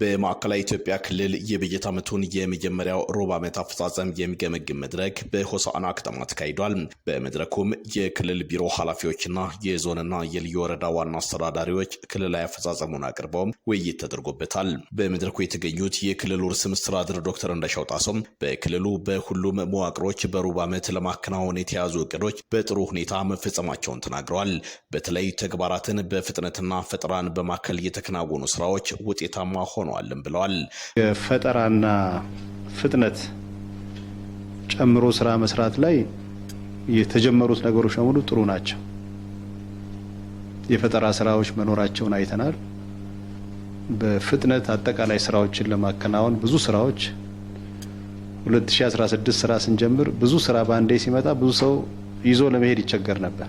በማዕከላዊ ኢትዮጵያ ክልል የበጀት ዓመቱን የመጀመሪያው ሩብ ዓመት አፈጻጸም የሚገመግም መድረክ በሆሳዕና ከተማ ተካሂዷል። በመድረኩም የክልል ቢሮ ኃላፊዎችና የዞንና የልዩ ወረዳ ዋና አስተዳዳሪዎች ክልላዊ አፈጻጸሙን አቅርበው ውይይት ተደርጎበታል። በመድረኩ የተገኙት የክልሉ ርዕሰ መስተዳድር ዶክተር እንዳሻው በክልሉ በሁሉም መዋቅሮች በሩብ ዓመት ለማከናወን የተያዙ እቅዶች በጥሩ ሁኔታ መፈጸማቸውን ተናግረዋል። በተለይ ተግባራትን በፍጥነትና ፈጠራን በማከል የተከናወኑ ስራዎች ውጤታማ ሆነ ሆነዋልም ብለዋል። የፈጠራና ፍጥነት ጨምሮ ስራ መስራት ላይ የተጀመሩት ነገሮች በሙሉ ጥሩ ናቸው። የፈጠራ ስራዎች መኖራቸውን አይተናል። በፍጥነት አጠቃላይ ስራዎችን ለማከናወን ብዙ ስራዎች 2016 ስራ ስንጀምር ብዙ ስራ በአንዴ ሲመጣ ብዙ ሰው ይዞ ለመሄድ ይቸገር ነበር።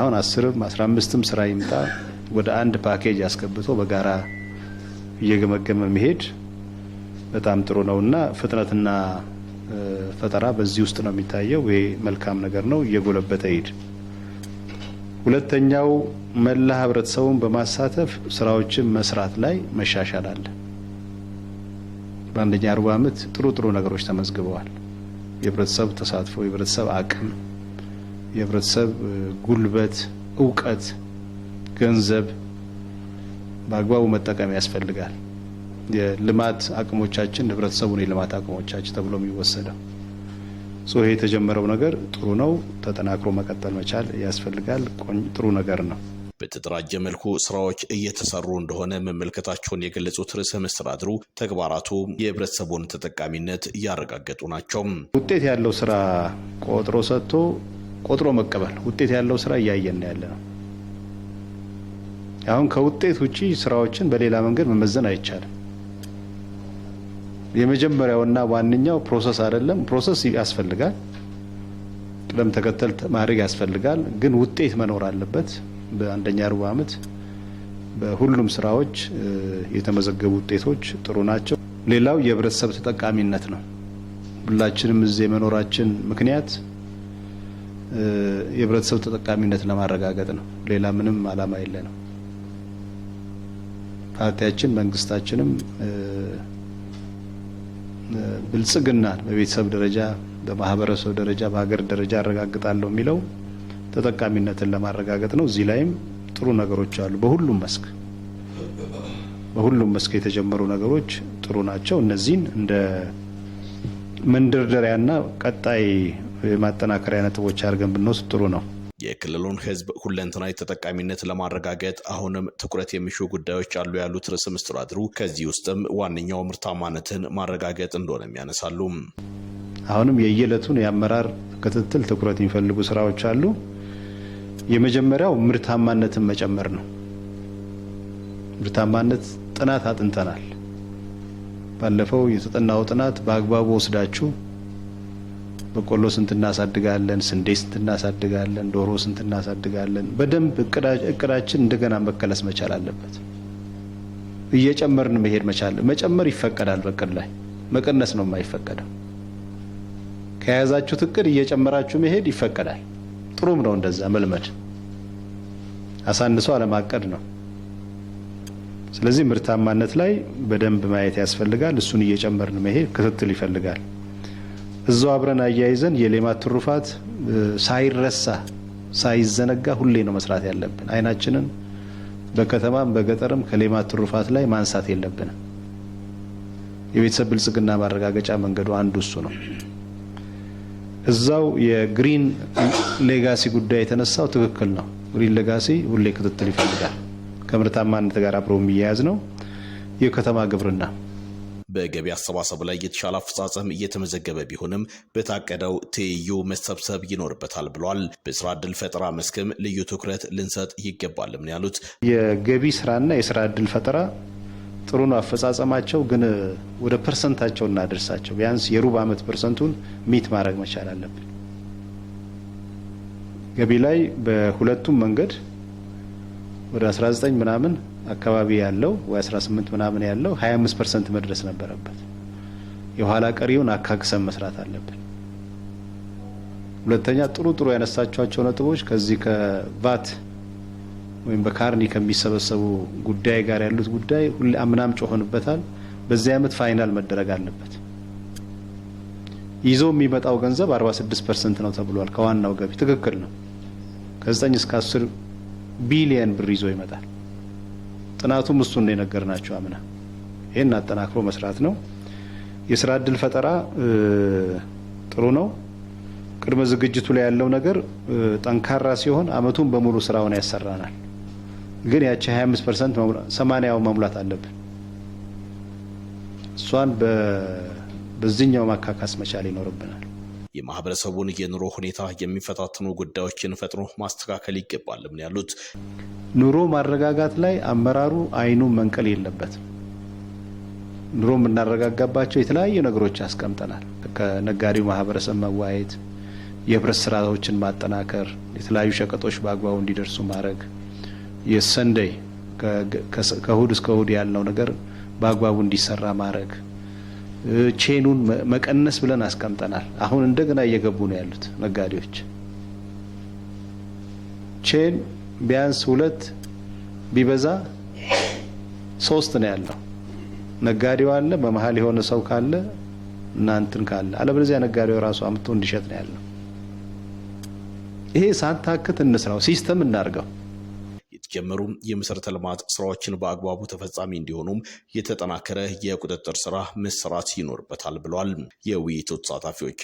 አሁን አስርም አስራ አምስትም ስራ ይምጣ ወደ አንድ ፓኬጅ አስገብቶ በጋራ እየገመገመ መሄድ በጣም ጥሩ ነው እና ፍጥነትና ፈጠራ በዚህ ውስጥ ነው የሚታየው። ይሄ መልካም ነገር ነው፣ እየጎለበተ ሄድ ሁለተኛው መላ ህብረተሰቡን በማሳተፍ ስራዎችን መስራት ላይ መሻሻል አለ። በአንደኛ ሩብ ዓመት ጥሩ ጥሩ ነገሮች ተመዝግበዋል። የህብረተሰብ ተሳትፎ፣ የህብረተሰብ አቅም፣ የህብረተሰብ ጉልበት፣ እውቀት፣ ገንዘብ በአግባቡ መጠቀም ያስፈልጋል። የልማት አቅሞቻችን ህብረተሰቡን የልማት አቅሞቻችን ተብሎ የሚወሰደው ይሄ የተጀመረው ነገር ጥሩ ነው። ተጠናክሮ መቀጠል መቻል ያስፈልጋል። ጥሩ ነገር ነው። በተደራጀ መልኩ ስራዎች እየተሰሩ እንደሆነ መመልከታቸውን የገለጹት ርዕሰ መስተዳድሩ ተግባራቱ የህብረተሰቡን ተጠቃሚነት እያረጋገጡ ናቸው። ውጤት ያለው ስራ ቆጥሮ ሰጥቶ ቆጥሮ መቀበል፣ ውጤት ያለው ስራ እያየን ያለ ነው። አሁን ከውጤት ውጪ ስራዎችን በሌላ መንገድ መመዘን አይቻልም። የመጀመሪያውና ዋነኛው ፕሮሰስ አይደለም። ፕሮሰስ ያስፈልጋል፣ ቅደም ተከተል ማድረግ ያስፈልጋል። ግን ውጤት መኖር አለበት። በአንደኛ ሩብ ዓመት በሁሉም ስራዎች የተመዘገቡ ውጤቶች ጥሩ ናቸው። ሌላው የህብረተሰብ ተጠቃሚነት ነው። ሁላችንም እዚህ የመኖራችን ምክንያት የህብረተሰብ ተጠቃሚነት ለማረጋገጥ ነው። ሌላ ምንም አላማ የለ ነው። ፓርቲያችን መንግስታችንም ብልጽግና በቤተሰብ ደረጃ፣ በማህበረሰብ ደረጃ፣ በሀገር ደረጃ አረጋግጣለሁ የሚለው ተጠቃሚነትን ለማረጋገጥ ነው። እዚህ ላይም ጥሩ ነገሮች አሉ። በሁሉም መስክ በሁሉም መስክ የተጀመሩ ነገሮች ጥሩ ናቸው። እነዚህን እንደ መንደርደሪያና ቀጣይ የማጠናከሪያ ነጥቦች አድርገን ብንወስድ ጥሩ ነው። የክልሉን ህዝብ ሁለንትናዊ ተጠቃሚነት ለማረጋገጥ አሁንም ትኩረት የሚሹ ጉዳዮች አሉ ያሉት ርዕሰ መስተዳድሩ ከዚህ ውስጥም ዋነኛው ምርታማነትን ማረጋገጥ እንደሆነም ያነሳሉ። አሁንም የየዕለቱን የአመራር ክትትል ትኩረት የሚፈልጉ ስራዎች አሉ። የመጀመሪያው ምርታማነትን መጨመር ነው። ምርታማነት ጥናት አጥንተናል። ባለፈው የተጠናው ጥናት በአግባቡ ወስዳችሁ በቆሎ ስንት እናሳድጋለን፣ ስንዴ ስንት እናሳድጋለን፣ ዶሮ ስንት እናሳድጋለን። በደንብ እቅዳችን እንደገና መከለስ መቻል አለበት። እየጨመርን መሄድ መቻል መጨመር ይፈቀዳል፣ በቅድ ላይ መቀነስ ነው የማይፈቀደው። ከያዛችሁት እቅድ እየጨመራችሁ መሄድ ይፈቀዳል። ጥሩም ነው እንደዛ መልመድ። አሳንሶ አለማቀድ ነው። ስለዚህ ምርታማነት ላይ በደንብ ማየት ያስፈልጋል። እሱን እየጨመርን መሄድ ክትትል ይፈልጋል። እዛው አብረን አያይዘን የሌማት ትሩፋት ሳይረሳ ሳይዘነጋ ሁሌ ነው መስራት ያለብን። አይናችንን በከተማም በገጠርም ከሌማት ትሩፋት ላይ ማንሳት የለብንም። የቤተሰብ ብልጽግና ማረጋገጫ መንገዱ አንዱ እሱ ነው። እዛው የግሪን ሌጋሲ ጉዳይ የተነሳው ትክክል ነው። ግሪን ሌጋሲ ሁሌ ክትትል ይፈልጋል። ከምርታማነት ጋር አብሮ የሚያያዝ ነው። የከተማ ግብርና በገቢ አሰባሰቡ ላይ የተሻለ አፈጻጸም እየተመዘገበ ቢሆንም በታቀደው ትይዩ መሰብሰብ ይኖርበታል ብሏል። በስራ እድል ፈጠራ መስክም ልዩ ትኩረት ልንሰጥ ይገባልም ነው ያሉት። የገቢ ስራና የስራ እድል ፈጠራ ጥሩ ነው አፈጻጸማቸው፣ ግን ወደ ፐርሰንታቸው እናደርሳቸው። ቢያንስ የሩብ ዓመት ፐርሰንቱን ሚት ማድረግ መቻል አለብን። ገቢ ላይ በሁለቱም መንገድ ወደ 19 ምናምን አካባቢ ያለው ወይ 18 ምናምን ያለው 25 ፐርሰንት መድረስ ነበረበት። የኋላ ቀሪውን አካክሰን መስራት አለብን። ሁለተኛ ጥሩ ጥሩ ያነሳቸዋቸው ነጥቦች ከዚህ ከቫት ወይም በካርኒ ከሚሰበሰቡ ጉዳይ ጋር ያሉት ጉዳይ ሁሌ አምናም ጮሆንበታል። በዚህ አመት ፋይናል መደረግ አለበት። ይዞ የሚመጣው ገንዘብ 46 ፐርሰንት ነው ተብሏል ከዋናው ገቢ ትክክል ነው። ከ9 እስከ 10 ቢሊየን ብር ይዞ ይመጣል። ጥናቱም እሱ የነገር ናቸው አምና ይህን አጠናክሮ መስራት ነው። የስራ እድል ፈጠራ ጥሩ ነው። ቅድመ ዝግጅቱ ላይ ያለው ነገር ጠንካራ ሲሆን አመቱን በሙሉ ስራውን ያሰራናል። ግን ያቺ 25 ፐርሰንት ሰማንያውን መሙላት አለብን። እሷን በዚህኛው ማካካስ መቻል ይኖርብናል። የማህበረሰቡን የኑሮ ሁኔታ የሚፈታትኑ ጉዳዮችን ፈጥኖ ማስተካከል ይገባልም ነው ያሉት። ኑሮ ማረጋጋት ላይ አመራሩ አይኑ መንቀል የለበትም። ኑሮ የምናረጋጋባቸው የተለያዩ ነገሮች አስቀምጠናል። ከነጋዴው ማህበረሰብ መዋየት፣ የህብረት ስራዎችን ማጠናከር፣ የተለያዩ ሸቀጦች በአግባቡ እንዲደርሱ ማድረግ፣ የሰንደይ ከእሁድ እስከ እሁድ ያለው ነገር በአግባቡ እንዲሰራ ማድረግ ቼኑን መቀነስ ብለን አስቀምጠናል። አሁን እንደገና እየገቡ ነው ያሉት ነጋዴዎች። ቼን ቢያንስ ሁለት ቢበዛ ሶስት ነው ያለው። ነጋዴው አለ፣ በመሀል የሆነ ሰው ካለ እናንትን ካለ፣ አለበለዚያ ነጋዴው ራሱ አምጥቶ እንዲሸጥ ነው ያለው። ይሄ ሳንታክት እንስራው፣ ሲስተም እናርገው። ሲጀመሩ የመሰረተ ልማት ስራዎችን በአግባቡ ተፈጻሚ እንዲሆኑም የተጠናከረ የቁጥጥር ስራ መሰራት ይኖርበታል ብለል። የውይይቱ ተሳታፊዎች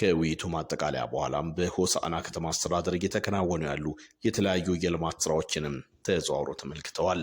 ከውይይቱ ማጠቃለያ በኋላም በሆሳዕና ከተማ አስተዳደር እየተከናወኑ ያሉ የተለያዩ የልማት ስራዎችንም ተዘዋውሮ ተመልክተዋል።